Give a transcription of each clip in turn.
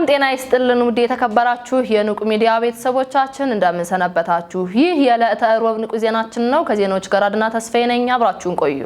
ሰላም ጤና ይስጥልን ውድ የተከበራችሁ የንቁ ሚዲያ ቤተሰቦቻችን እንደምንሰነበታችሁ። ይህ የዕለተ ሮብ ንቁ ዜናችን ነው። ከዜናዎች ጋር አድና ተስፋዬ ነኝ። አብራችሁን ቆዩ።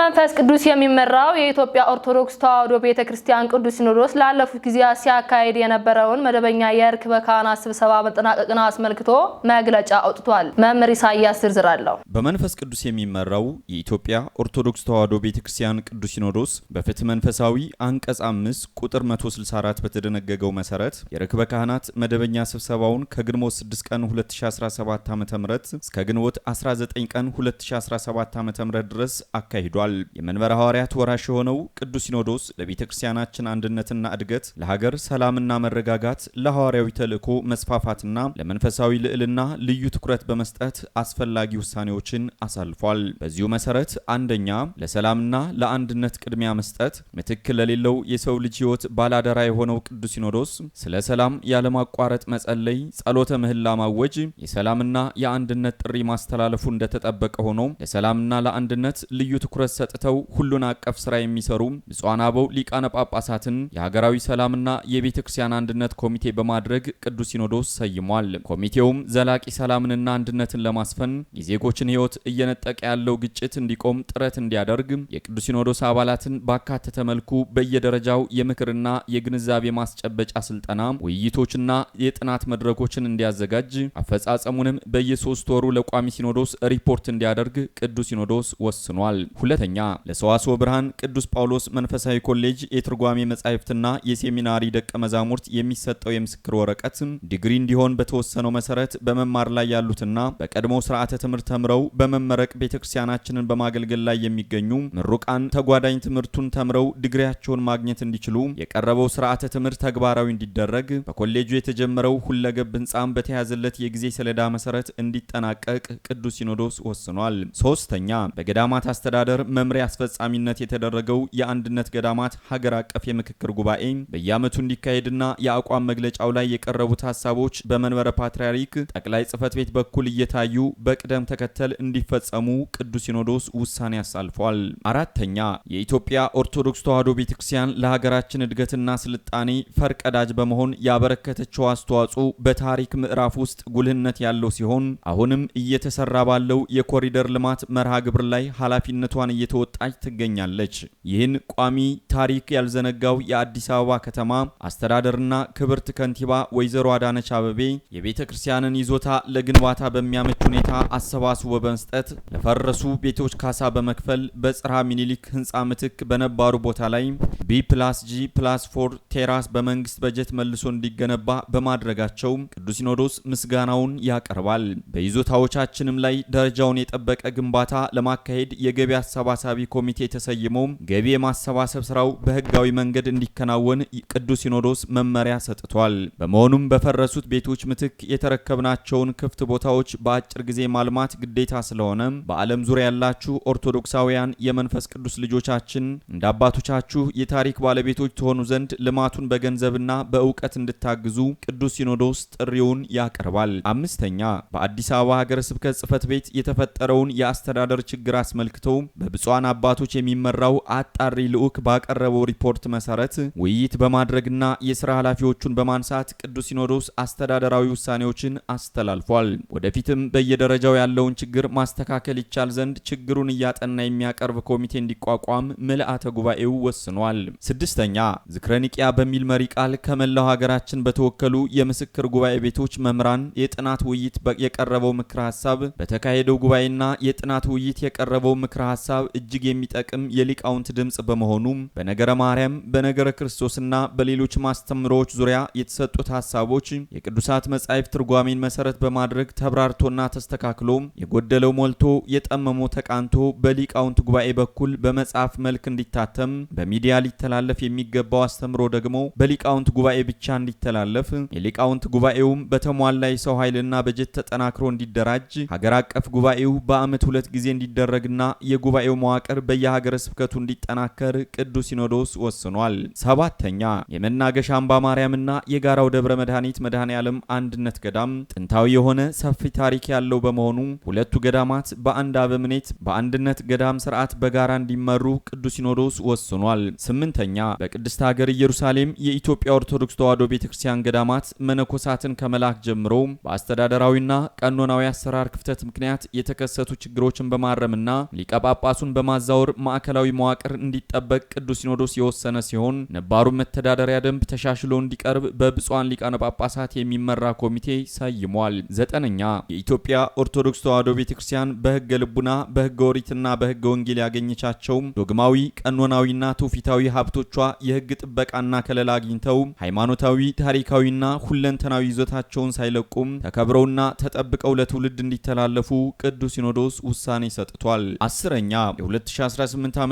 በመንፈስ ቅዱስ የሚመራው የኢትዮጵያ ኦርቶዶክስ ተዋሕዶ ቤተ ክርስቲያን ቅዱስ ሲኖዶስ ላለፉት ጊዜያት ሲያካሄድ የነበረውን መደበኛ የርክበ ካህናት ስብሰባ መጠናቀቅን አስመልክቶ መግለጫ አውጥቷል። መምህር ኢሳያስ ዝርዝር አለው። በመንፈስ ቅዱስ የሚመራው የኢትዮጵያ ኦርቶዶክስ ተዋሕዶ ቤተ ክርስቲያን ቅዱስ ሲኖዶስ በፍትህ መንፈሳዊ አንቀጽ አምስት ቁጥር 164 በተደነገገው መሰረት የርክበ ካህናት መደበኛ ስብሰባውን ከግንቦት 6 ቀን 2017 ም እስከ ግንቦት 19 ቀን 2017 ዓ.ም ድረስ አካሂዷል። ተናግረዋል። የመንበረ ሐዋርያት ወራሽ የሆነው ቅዱስ ሲኖዶስ ለቤተ ክርስቲያናችን አንድነትና እድገት፣ ለሀገር ሰላምና መረጋጋት፣ ለሐዋርያዊ ተልእኮ መስፋፋትና ለመንፈሳዊ ልዕልና ልዩ ትኩረት በመስጠት አስፈላጊ ውሳኔዎችን አሳልፏል። በዚሁ መሰረት አንደኛ ለሰላምና ለአንድነት ቅድሚያ መስጠት ምትክ ለሌለው የሰው ልጅ ሕይወት ባላደራ የሆነው ቅዱስ ሲኖዶስ ስለ ሰላም ያለማቋረጥ መጸለይ፣ ጸሎተ ምህላ ማወጅ፣ የሰላምና የአንድነት ጥሪ ማስተላለፉ እንደተጠበቀ ሆኖ ለሰላምና ለአንድነት ልዩ ትኩረት ሰጥተው ሁሉን አቀፍ ስራ የሚሰሩ ብፁዓን አበው ሊቃነ ጳጳሳትን የሀገራዊ ሰላምና የቤተ ክርስቲያን አንድነት ኮሚቴ በማድረግ ቅዱስ ሲኖዶስ ሰይሟል። ኮሚቴውም ዘላቂ ሰላምንና አንድነትን ለማስፈን የዜጎችን ሕይወት እየነጠቀ ያለው ግጭት እንዲቆም ጥረት እንዲያደርግ የቅዱስ ሲኖዶስ አባላትን ባካተተ መልኩ በየደረጃው የምክርና የግንዛቤ ማስጨበጫ ስልጠና ውይይቶችና የጥናት መድረኮችን እንዲያዘጋጅ አፈጻጸሙንም በየሶስት ወሩ ለቋሚ ሲኖዶስ ሪፖርት እንዲያደርግ ቅዱስ ሲኖዶስ ወስኗል። ሁለተኛ አንደኛ ለሰዋስወ ብርሃን ቅዱስ ጳውሎስ መንፈሳዊ ኮሌጅ የትርጓሜ መጻሕፍትና የሴሚናሪ ደቀ መዛሙርት የሚሰጠው የምስክር ወረቀት ዲግሪ እንዲሆን በተወሰነው መሰረት በመማር ላይ ያሉትና በቀድሞ ስርዓተ ትምህርት ተምረው በመመረቅ ቤተክርስቲያናችንን በማገልገል ላይ የሚገኙ ምሩቃን ተጓዳኝ ትምህርቱን ተምረው ዲግሪያቸውን ማግኘት እንዲችሉ የቀረበው ስርዓተ ትምህርት ተግባራዊ እንዲደረግ በኮሌጁ የተጀመረው ሁለገብ ህንጻም በተያዘለት የጊዜ ሰሌዳ መሰረት እንዲጠናቀቅ ቅዱስ ሲኖዶስ ወስኗል። ሶስተኛ በገዳማት አስተዳደር መምሪያ አስፈጻሚነት የተደረገው የአንድነት ገዳማት ሀገር አቀፍ የምክክር ጉባኤ በየዓመቱ እንዲካሄድና የአቋም መግለጫው ላይ የቀረቡት ሀሳቦች በመንበረ ፓትርያርክ ጠቅላይ ጽህፈት ቤት በኩል እየታዩ በቅደም ተከተል እንዲፈጸሙ ቅዱስ ሲኖዶስ ውሳኔ አሳልፏል። አራተኛ የኢትዮጵያ ኦርቶዶክስ ተዋሕዶ ቤተክርስቲያን ለሀገራችን እድገትና ስልጣኔ ፈርቀዳጅ በመሆን ያበረከተችው አስተዋጽኦ በታሪክ ምዕራፍ ውስጥ ጉልህነት ያለው ሲሆን አሁንም እየተሰራ ባለው የኮሪደር ልማት መርሃ ግብር ላይ ኃላፊነቷን እየ እየተወጣች ትገኛለች። ይህን ቋሚ ታሪክ ያልዘነጋው የአዲስ አበባ ከተማ አስተዳደርና ክብርት ከንቲባ ወይዘሮ አዳነች አበቤ የቤተ ክርስቲያንን ይዞታ ለግንባታ በሚያመች ሁኔታ አሰባስቦ በመስጠት ለፈረሱ ቤቶች ካሳ በመክፈል በጽራ ሚኒሊክ ህንፃ ምትክ በነባሩ ቦታ ላይ ቢ ፕላስ ጂ ፕላስ ፎር ቴራስ በመንግስት በጀት መልሶ እንዲገነባ በማድረጋቸው ቅዱስ ሲኖዶስ ምስጋናውን ያቀርባል። በይዞታዎቻችንም ላይ ደረጃውን የጠበቀ ግንባታ ለማካሄድ የገቢ አሰባ አሰባሳቢ ኮሚቴ ተሰይሞ ገቢ የማሰባሰብ ስራው በህጋዊ መንገድ እንዲከናወን ቅዱስ ሲኖዶስ መመሪያ ሰጥቷል። በመሆኑም በፈረሱት ቤቶች ምትክ የተረከብናቸውን ክፍት ቦታዎች በአጭር ጊዜ ማልማት ግዴታ ስለሆነ በዓለም ዙሪያ ያላችሁ ኦርቶዶክሳውያን የመንፈስ ቅዱስ ልጆቻችን እንደ አባቶቻችሁ የታሪክ ባለቤቶች ትሆኑ ዘንድ ልማቱን በገንዘብና በእውቀት እንድታግዙ ቅዱስ ሲኖዶስ ጥሪውን ያቀርባል። አምስተኛ በአዲስ አበባ ሀገረ ስብከት ጽህፈት ቤት የተፈጠረውን የአስተዳደር ችግር አስመልክቶ በብፁዕ በብፁዓን አባቶች የሚመራው አጣሪ ልዑክ ባቀረበው ሪፖርት መሰረት ውይይት በማድረግና የስራ ኃላፊዎቹን በማንሳት ቅዱስ ሲኖዶስ አስተዳደራዊ ውሳኔዎችን አስተላልፏል። ወደፊትም በየደረጃው ያለውን ችግር ማስተካከል ይቻል ዘንድ ችግሩን እያጠና የሚያቀርብ ኮሚቴ እንዲቋቋም ምልአተ ጉባኤው ወስኗል። ስድስተኛ ዝክረኒቅያ በሚል መሪ ቃል ከመላው ሀገራችን በተወከሉ የምስክር ጉባኤ ቤቶች መምህራን የጥናት ውይይት የቀረበው ምክረ ሀሳብ በተካሄደው ጉባኤና የጥናት ውይይት የቀረበው ምክረ ሀሳብ እጅግ የሚጠቅም የሊቃውንት ድምፅ በመሆኑም በነገረ ማርያም፣ በነገረ ክርስቶስና በሌሎች ማስተምሮዎች ዙሪያ የተሰጡት ሀሳቦች የቅዱሳት መጻሕፍት ትርጓሜን መሰረት በማድረግ ተብራርቶና ተስተካክሎ የጎደለው ሞልቶ የጠመመው ተቃንቶ በሊቃውንት ጉባኤ በኩል በመጽሐፍ መልክ እንዲታተም በሚዲያ ሊተላለፍ የሚገባው አስተምሮ ደግሞ በሊቃውንት ጉባኤ ብቻ እንዲተላለፍ የሊቃውንት ጉባኤውም በተሟላ የሰው ኃይልና በጀት ተጠናክሮ እንዲደራጅ ሀገር አቀፍ ጉባኤው በዓመት ሁለት ጊዜ እንዲደረግና የጉባኤው መዋቅር በየሀገረ ስብከቱ እንዲጠናከር ቅዱስ ሲኖዶስ ወስኗል። ሰባተኛ የመናገሻ አምባ ማርያምና የጋራው ደብረ መድኃኒት መድኃኔ ዓለም አንድነት ገዳም ጥንታዊ የሆነ ሰፊ ታሪክ ያለው በመሆኑ ሁለቱ ገዳማት በአንድ አበምኔት በአንድነት ገዳም ስርዓት በጋራ እንዲመሩ ቅዱስ ሲኖዶስ ወስኗል። ስምንተኛ በቅድስት ሀገር ኢየሩሳሌም የኢትዮጵያ ኦርቶዶክስ ተዋሕዶ ቤተ ክርስቲያን ገዳማት መነኮሳትን ከመላክ ጀምሮ በአስተዳደራዊና ቀኖናዊ አሰራር ክፍተት ምክንያት የተከሰቱ ችግሮችን በማረምና ሊቀ ጳጳሱን ኃላፊነቱን በማዛወር ማዕከላዊ መዋቅር እንዲጠበቅ ቅዱስ ሲኖዶስ የወሰነ ሲሆን ነባሩ መተዳደሪያ ደንብ ተሻሽሎ እንዲቀርብ በብፁዓን ሊቃነ ጳጳሳት የሚመራ ኮሚቴ ሰይሟል። ዘጠነኛ የኢትዮጵያ ኦርቶዶክስ ተዋሕዶ ቤተ ክርስቲያን ልቡና በሕገ ኦሪትና በሕገ ወንጌል ያገኘቻቸውም ዶግማዊ ቀኖናዊና ትውፊታዊ ሀብቶቿ የሕግ ጥበቃና ከለላ አግኝተው ሃይማኖታዊ፣ ታሪካዊና ሁለንተናዊ ይዞታቸውን ሳይለቁም ተከብረውና ተጠብቀው ለትውልድ እንዲተላለፉ ቅዱስ ሲኖዶስ ውሳኔ ሰጥቷል። አስረኛ የ2018 ዓ ም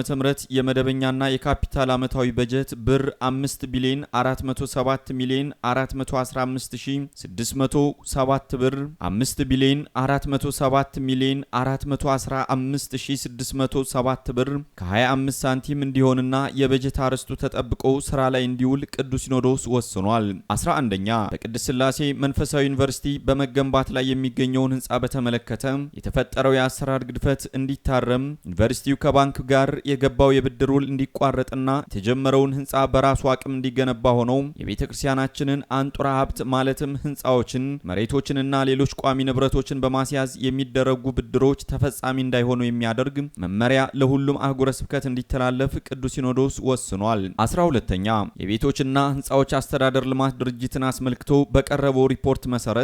የመደበኛና የካፒታል ዓመታዊ በጀት ብር 5 ቢሊዮን 407 ሚሊዮን 415607 ብር 5 ቢሊዮን 407 ሚሊዮን 415607 ብር ከ25 ሳንቲም እንዲሆንና የበጀት አርዕስቱ ተጠብቆ ስራ ላይ እንዲውል ቅዱስ ሲኖዶስ ወስኗል። 11ኛ በቅድስት ስላሴ መንፈሳዊ ዩኒቨርሲቲ በመገንባት ላይ የሚገኘውን ህንፃ በተመለከተ የተፈጠረው የአሰራር ግድፈት እንዲታረም ዩኒቨርሲቲ ዩኒቨርሲቲው ከባንክ ጋር የገባው የብድር ውል እንዲቋረጥና የተጀመረውን ህንፃ በራሱ አቅም እንዲገነባ ሆነው የቤተ ክርስቲያናችንን አንጡራ ሀብት ማለትም ህንፃዎችን፣ መሬቶችንና ሌሎች ቋሚ ንብረቶችን በማስያዝ የሚደረጉ ብድሮች ተፈጻሚ እንዳይሆኑ የሚያደርግ መመሪያ ለሁሉም አህጉረ ስብከት እንዲተላለፍ ቅዱስ ሲኖዶስ ወስኗል። አስራ ሁለተኛ የቤቶችና ህንፃዎች አስተዳደር ልማት ድርጅትን አስመልክቶ በቀረበው ሪፖርት መሰረት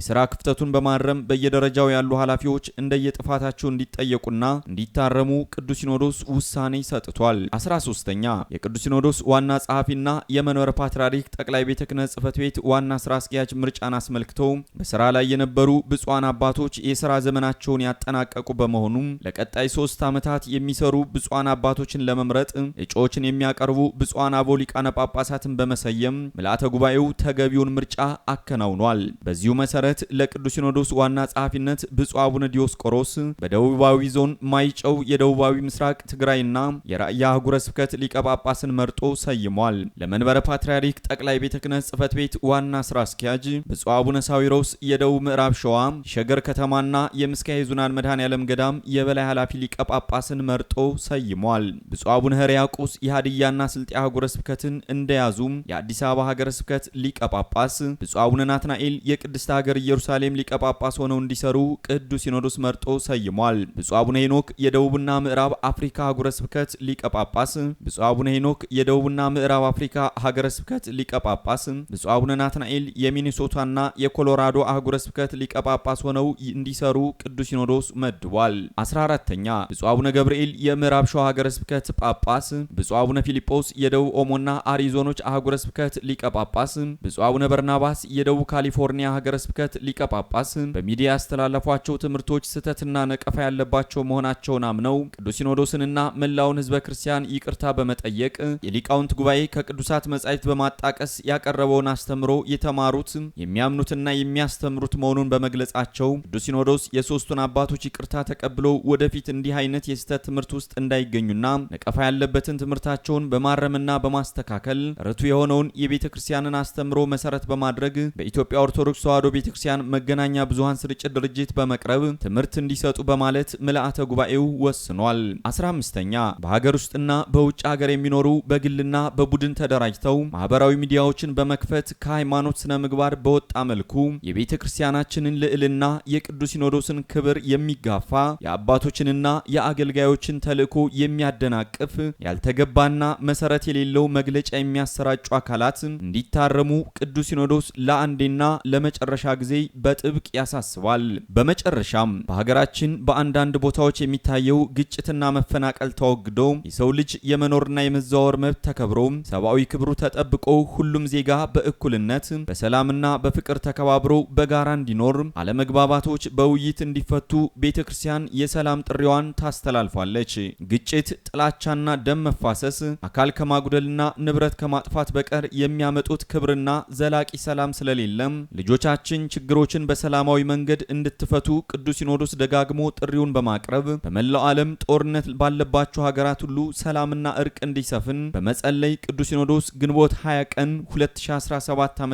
የስራ ክፍተቱን በማረም በየደረጃው ያሉ ኃላፊዎች እንደየጥፋታቸው እንዲጠየቁና እንዲታረሙ ቅዱስ ሲኖዶስ ውሳኔ ሰጥቷል። 13ኛ የቅዱስ ሲኖዶስ ዋና ጸሐፊና የመንበረ ፓትርያርክ ጠቅላይ ቤተ ክህነት ጽሕፈት ቤት ዋና ስራ አስኪያጅ ምርጫን አስመልክቶ በስራ ላይ የነበሩ ብፁዓን አባቶች የስራ ዘመናቸውን ያጠናቀቁ በመሆኑም ለቀጣይ ሶስት ዓመታት የሚሰሩ ብፁዓን አባቶችን ለመምረጥ እጩዎችን የሚያቀርቡ ብፁዓን አቦ ሊቃነ ጳጳሳትን በመሰየም ምልአተ ጉባኤው ተገቢውን ምርጫ አከናውኗል። በዚሁ መሰረት ለቅዱስ ሲኖዶስ ዋና ጸሐፊነት ብፁዕ አቡነ ዲዮስቆሮስ በደቡባዊ ዞን ማይጨው የደቡብ ደቡባዊ ምስራቅ ትግራይና የራያ አህጉረ ስብከት ሊቀ ጳጳስን መርጦ ሰይሟል። ለመንበረ ፓትርያርክ ጠቅላይ ቤተ ክህነት ጽሕፈት ቤት ዋና ስራ አስኪያጅ ብፁዕ አቡነ ሳዊሮስ የደቡብ ምዕራብ ሸዋ ሸገር ከተማና የምስካየ ኅዙናን መድኃኔዓለም ገዳም የበላይ ኃላፊ ሊቀ ጳጳስን መርጦ ሰይሟል። ብፁዕ አቡነ ሕርያቆስ የሀዲያና ስልጤ አህጉረ ስብከትን እንደያዙም የአዲስ አበባ ሀገረ ስብከት ሊቀ ጳጳስ፣ ብፁዕ አቡነ ናትናኤል የቅድስት ሀገር ኢየሩሳሌም ሊቀ ጳጳስ ሆነው እንዲሰሩ ቅዱስ ሲኖዶስ መርጦ ሰይሟል። ብፁዕ አቡነ ሄኖክ የደቡብና ምዕራብ አፍሪካ ሀገረ ስብከት ሊቀ ጳጳስ፣ ብፁዕ አቡነ ሄኖክ የደቡብና ምዕራብ አፍሪካ ሀገረ ስብከት ሊቀ ጳጳስ፣ ብፁዕ አቡነ ናትናኤል የሚኒሶታና የኮሎራዶ አህጉረ ስብከት ሊቀ ጳጳስ ሆነው እንዲሰሩ ቅዱስ ሲኖዶስ መድቧል። 14ተኛ ብፁዕ አቡነ ገብርኤል የምዕራብ ሸዋ ሀገረ ስብከት ጳጳስ፣ ብፁዕ አቡነ ፊልጶስ የደቡብ ኦሞና አሪዞኖች አህጉረ ስብከት ሊቀ ጳጳስ፣ ብፁዕ አቡነ በርናባስ የደቡብ ካሊፎርኒያ ሀገረ ስብከት ሊቀ ጳጳስ በሚዲያ ያስተላለፏቸው ትምህርቶች ስህተትና ነቀፋ ያለባቸው መሆናቸውን አምነው ቅዱስ ሲኖዶስንና መላውን ህዝበ ክርስቲያን ይቅርታ በመጠየቅ የሊቃውንት ጉባኤ ከቅዱሳት መጻሕፍት በማጣቀስ ያቀረበውን አስተምሮ የተማሩት የሚያምኑትና የሚያስተምሩት መሆኑን በመግለጻቸው ቅዱስ ሲኖዶስ የሶስቱን አባቶች ይቅርታ ተቀብሎ ወደፊት እንዲህ አይነት የስህተት ትምህርት ውስጥ እንዳይገኙና ነቀፋ ያለበትን ትምህርታቸውን በማረምና በማስተካከል ርቱ የሆነውን የቤተ ክርስቲያንን አስተምሮ መሰረት በማድረግ በኢትዮጵያ ኦርቶዶክስ ተዋሕዶ ቤተ ክርስቲያን መገናኛ ብዙሃን ስርጭት ድርጅት በመቅረብ ትምህርት እንዲሰጡ በማለት ምልአተ ጉባኤው ወስ ወስኗል። 15ኛ በሀገር ውስጥና በውጭ ሀገር የሚኖሩ በግልና በቡድን ተደራጅተው ማህበራዊ ሚዲያዎችን በመክፈት ከሃይማኖት ስነ ምግባር በወጣ መልኩ የቤተ ክርስቲያናችንን ልዕልና የቅዱስ ሲኖዶስን ክብር የሚጋፋ የአባቶችንና የአገልጋዮችን ተልዕኮ የሚያደናቅፍ ያልተገባና መሰረት የሌለው መግለጫ የሚያሰራጩ አካላት እንዲታረሙ ቅዱስ ሲኖዶስ ለአንዴና ለመጨረሻ ጊዜ በጥብቅ ያሳስባል። በመጨረሻም በሀገራችን በአንዳንድ ቦታዎች የሚታየው ግጭትና መፈናቀል ተወግዶ የሰው ልጅ የመኖርና የመዘዋወር መብት ተከብሮ ሰብአዊ ክብሩ ተጠብቆ ሁሉም ዜጋ በእኩልነት በሰላምና በፍቅር ተከባብሮ በጋራ እንዲኖር አለመግባባቶች በውይይት እንዲፈቱ ቤተ ክርስቲያን የሰላም ጥሪዋን ታስተላልፋለች። ግጭት፣ ጥላቻና ደም መፋሰስ አካል ከማጉደልና ንብረት ከማጥፋት በቀር የሚያመጡት ክብርና ዘላቂ ሰላም ስለሌለም ልጆቻችን ችግሮችን በሰላማዊ መንገድ እንድትፈቱ ቅዱስ ሲኖዶስ ደጋግሞ ጥሪውን በማቅረብ በመላው ዓለም ጦርነት ባለባቸው ሀገራት ሁሉ ሰላምና እርቅ እንዲሰፍን በመጸለይ ቅዱስ ሲኖዶስ ግንቦት 20 ቀን 2017 ዓ.ም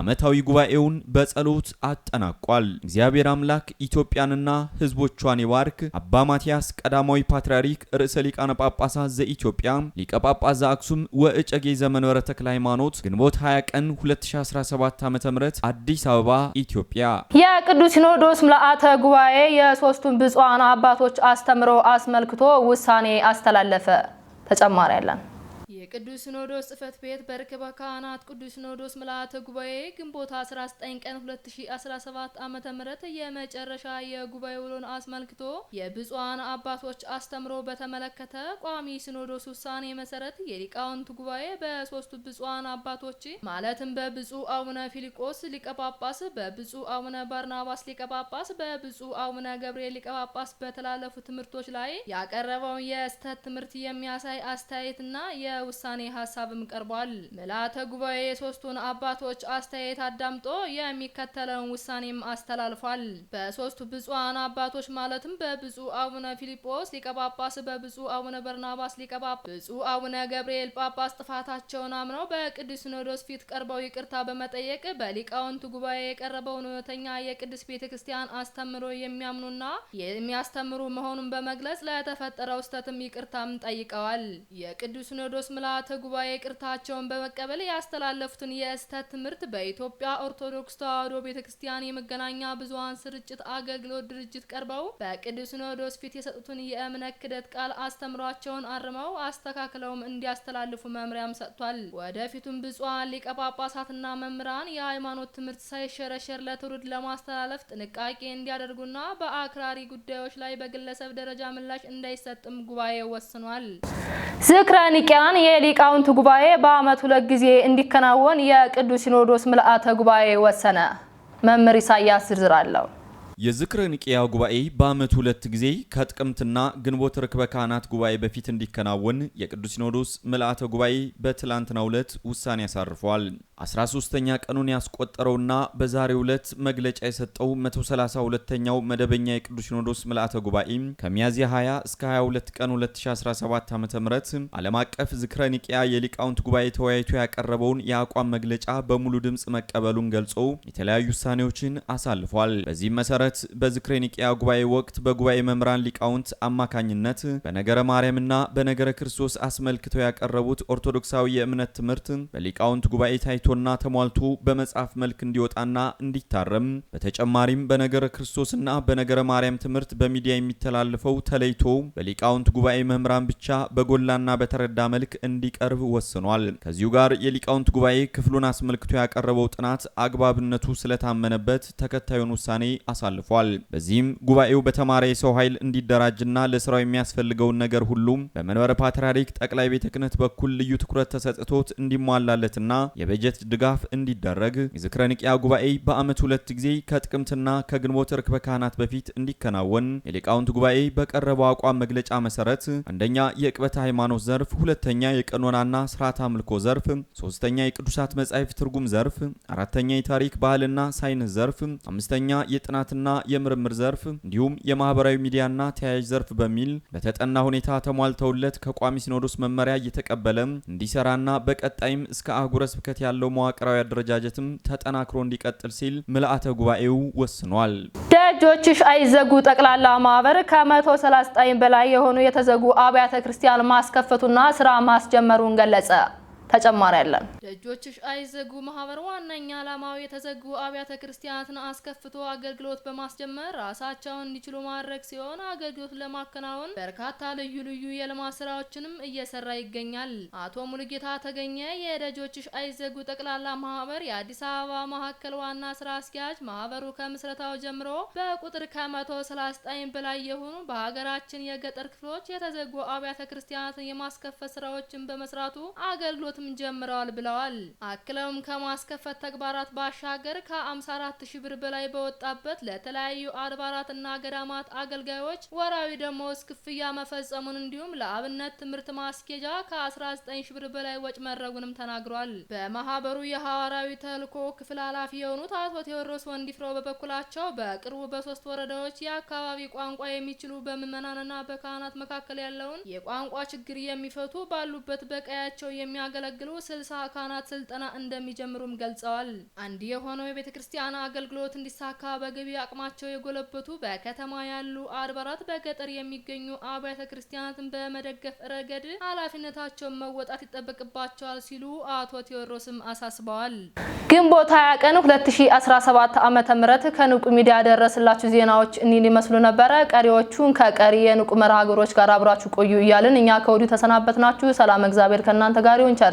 ዓመታዊ ጉባኤውን በጸሎት አጠናቋል። እግዚአብሔር አምላክ ኢትዮጵያንና ሕዝቦቿን ይባርክ። አባ ማቲያስ ቀዳማዊ ፓትርያርክ ርዕሰ ሊቃነ ጳጳሳት ዘኢትዮጵያ ሊቀ ጳጳስ ዘአክሱም ወእጨጌ ዘመንበረ ተክለ ሃይማኖት ግንቦት 20 ቀን 2017 ዓ.ም አዲስ አበባ ኢትዮጵያ። የቅዱስ ሲኖዶስ ምልአተ ጉባኤ የሶስቱን ብፁዓን አባቶች አስተምሮ አስመልክቶ ውሳኔ አስተላለፈ። ተጨማሪ ያለን የቅዱስ ሲኖዶስ ጽፈት ቤት በርክበ ካህናት ቅዱስ ሲኖዶስ ምልአተ ጉባኤ ግንቦት 19 ቀን 2017 ዓ ም የመጨረሻ የጉባኤ ውሎን አስመልክቶ የብፁዓን አባቶች አስተምሮ በተመለከተ ቋሚ ሲኖዶስ ውሳኔ መሰረት የሊቃውንት ጉባኤ በሶስቱ ብፁዓን አባቶች ማለትም በብፁዕ አቡነ ፊሊቆስ ሊቀ ጳጳስ፣ በብፁዕ አቡነ ባርናባስ ሊቀ ጳጳስ፣ በብፁዕ አቡነ ገብርኤል ሊቀ ጳጳስ በተላለፉ ትምህርቶች ላይ ያቀረበውን የስተት ትምህርት የሚያሳይ አስተያየትና የውስ ውሳኔ ሀሳብም ቀርቧል። ምልአተ ጉባኤ የሶስቱን አባቶች አስተያየት አዳምጦ የሚከተለውን ውሳኔም አስተላልፏል። በሶስቱ ብፁዓን አባቶች ማለትም በብፁዕ አቡነ ፊልጶስ ሊቀ ጳጳስ፣ በብፁዕ አቡነ በርናባስ ሊቀ ጳጳስ፣ ብፁዕ አቡነ ገብርኤል ጳጳስ ጥፋታቸውን አምነው በቅዱስ ሲኖዶስ ፊት ቀርበው ይቅርታ በመጠየቅ በሊቃውንቱ ጉባኤ የቀረበውን እውነተኛ የቅዱስ ቤተ ክርስቲያን አስተምሮ የሚያምኑና የሚያስተምሩ መሆኑን በመግለጽ ለተፈጠረው ስህተትም ይቅርታም ጠይቀዋል። የቅዱስ ሲኖዶስ ምልዓተ ጉባኤ ቅርታቸውን በመቀበል ያስተላለፉትን የስህተት ትምህርት በኢትዮጵያ ኦርቶዶክስ ተዋሕዶ ቤተ ክርስቲያን የመገናኛ ብዙኃን ስርጭት አገልግሎት ድርጅት ቀርበው በቅዱስ ሲኖዶስ ፊት የሰጡትን የእምነት ክደት ቃል አስተምሯቸውን አርመው አስተካክለውም እንዲያስተላልፉ መምሪያም ሰጥቷል። ወደፊቱም ብፁዓን ሊቀ ጳጳሳትና መምህራን የሃይማኖት ትምህርት ሳይሸረሸር ለትውልድ ለማስተላለፍ ጥንቃቄ እንዲያደርጉና በአክራሪ ጉዳዮች ላይ በግለሰብ ደረጃ ምላሽ እንዳይሰጥም ጉባኤ ወስኗል። ዝክረ የ የሊቃውንት ጉባኤ በዓመት ሁለት ጊዜ እንዲከናወን የቅዱስ ሲኖዶስ ምልአተ ጉባኤ ወሰነ። መምህር ኢሳያስ ዝርዝር አለው። የዝክረ ጉባኤ በዓመት ሁለት ጊዜ ከጥቅምትና ግንቦት ርክበ ካህናት ጉባኤ በፊት እንዲከናወን የቅዱስ ሲኖዶስ ምልአተ ጉባኤ በትላንትናው ዕለት ውሳኔ አሳርፏል። 13ኛ ቀኑን ያስቆጠረውና በዛሬው ዕለት መግለጫ የሰጠው 132ኛው መደበኛ የቅዱስ ሲኖዶስ ምልአተ ጉባኤ ከሚያዝያ 20 እስከ 22 ቀን 2017 ዓ ም ዓለም አቀፍ ዝክረ የሊቃውንት ጉባኤ ተወያይቶ ያቀረበውን የአቋም መግለጫ በሙሉ ድምፅ መቀበሉን ገልጾ የተለያዩ ውሳኔዎችን አሳልፏል። በዚህም መሰረት መሰረት በዝክሬኒቅያ ጉባኤ ወቅት በጉባኤ መምህራን ሊቃውንት አማካኝነት በነገረ ማርያምና በነገረ ክርስቶስ አስመልክተው ያቀረቡት ኦርቶዶክሳዊ የእምነት ትምህርት በሊቃውንት ጉባኤ ታይቶና ተሟልቶ በመጽሐፍ መልክ እንዲወጣና እንዲታረም በተጨማሪም በነገረ ክርስቶስና በነገረ ማርያም ትምህርት በሚዲያ የሚተላለፈው ተለይቶ በሊቃውንት ጉባኤ መምህራን ብቻ በጎላና በተረዳ መልክ እንዲቀርብ ወስኗል። ከዚሁ ጋር የሊቃውንት ጉባኤ ክፍሉን አስመልክቶ ያቀረበው ጥናት አግባብነቱ ስለታመነበት ተከታዩን ውሳኔ አሳልፏል። አሳልፏል። በዚህም ጉባኤው በተማረ የሰው ኃይል እንዲደራጅና ለስራው የሚያስፈልገውን ነገር ሁሉም በመንበረ ፓትርያርክ ጠቅላይ ቤተ ክህነት በኩል ልዩ ትኩረት ተሰጥቶት እንዲሟላለትና የበጀት ድጋፍ እንዲደረግ የዝክረ ጉባኤ በዓመት ሁለት ጊዜ ከጥቅምትና ከግንቦት ርክበ ካህናት በፊት እንዲከናወን የሊቃውንት ጉባኤ በቀረበው አቋም መግለጫ መሰረት አንደኛ የእቅበተ ሃይማኖት ዘርፍ፣ ሁለተኛ የቀኖናና ስርዓት አምልኮ ዘርፍ፣ ሶስተኛ የቅዱሳት መጻሕፍት ትርጉም ዘርፍ፣ አራተኛ የታሪክ ባህልና ሳይንስ ዘርፍ፣ አምስተኛ የጥናትና ጥናትና የምርምር ዘርፍ እንዲሁም የማህበራዊ ሚዲያና ተያያዥ ዘርፍ በሚል በተጠና ሁኔታ ተሟልተውለት ከቋሚ ሲኖዶስ መመሪያ እየተቀበለ እንዲሰራና በቀጣይም እስከ አህጉረ ስብከት ያለው መዋቅራዊ አደረጃጀትም ተጠናክሮ እንዲቀጥል ሲል ምልአተ ጉባኤው ወስኗል። ደጆችሽ አይዘጉ ጠቅላላ ማህበር ከ139 በላይ የሆኑ የተዘጉ አብያተ ክርስቲያን ማስከፈቱና ስራ ማስጀመሩን ገለጸ። ተጨማሪ ያለን ደጆችሽ አይዘጉ ማህበር ዋነኛ ዓላማው የተዘጉ አብያተ ክርስቲያናትን አስከፍቶ አገልግሎት በማስጀመር ራሳቸውን እንዲችሉ ማድረግ ሲሆን አገልግሎት ለማከናወን በርካታ ልዩ ልዩ የልማት ስራዎችንም እየሰራ ይገኛል። አቶ ሙሉጌታ ተገኘ የደጆችሽ አይዘጉ ጠቅላላ ማህበር የአዲስ አበባ ማዕከል ዋና ስራ አስኪያጅ፣ ማህበሩ ከምስረታው ጀምሮ በቁጥር ከመቶ ሰላሳ ዘጠኝ በላይ የሆኑ በሀገራችን የገጠር ክፍሎች የተዘጉ አብያተ ክርስቲያናትን የማስከፈት ስራዎችን በመስራቱ አገልግሎት አገልግሎትም ጀምረዋል ብለዋል። አክለውም ከማስከፈት ተግባራት ባሻገር ከ54 ሺ ብር በላይ በወጣበት ለተለያዩ አድባራትና ገዳማት አገልጋዮች ወራዊ ደሞዝ ክፍያ መፈጸሙን እንዲሁም ለአብነት ትምህርት ማስኬጃ ከ19 ሺ ብር በላይ ወጭ መድረጉንም ተናግሯል። በማህበሩ የሐዋርያዊ ተልእኮ ክፍል ኃላፊ የሆኑት አቶ ቴዎድሮስ ወንዲፍረው በበኩላቸው በቅርቡ በሶስት ወረዳዎች የአካባቢ ቋንቋ የሚችሉ በምዕመናንና በካህናት መካከል ያለውን የቋንቋ ችግር የሚፈቱ ባሉበት በቀያቸው የሚያገለ የሚያገለግሉ ስልሳ ካህናት ስልጠና እንደሚጀምሩም ገልጸዋል። አንድ የሆነው የቤተ ክርስቲያን አገልግሎት እንዲሳካ በገቢ አቅማቸው የጎለበቱ በከተማ ያሉ አድባራት በገጠር የሚገኙ አብያተ ክርስቲያናትን በመደገፍ ረገድ ኃላፊነታቸውን መወጣት ይጠበቅባቸዋል ሲሉ አቶ ቴዎድሮስም አሳስበዋል። ግንቦት 20 ቀን 2017 ዓ.ም ምህረት ከንቁ ሚዲያ ደረስላችሁ ዜናዎች እኒን ይመስሉ ነበረ። ቀሪዎቹን ከቀሪ የንቁ መርሃ ግብሮች ጋር አብራችሁ ቆዩ እያልን እኛ ከወዲሁ ተሰናበትናችሁ። ሰላም እግዚአብሔር ከእናንተ ጋር ይሁን።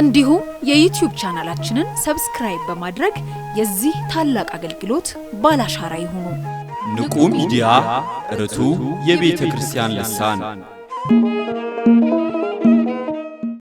እንዲሁም የዩትዩብ ቻናላችንን ሰብስክራይብ በማድረግ የዚህ ታላቅ አገልግሎት ባላሻራ ይሁኑ። ንቁ ሚዲያ ርቱ የቤተ ክርስቲያን ልሳን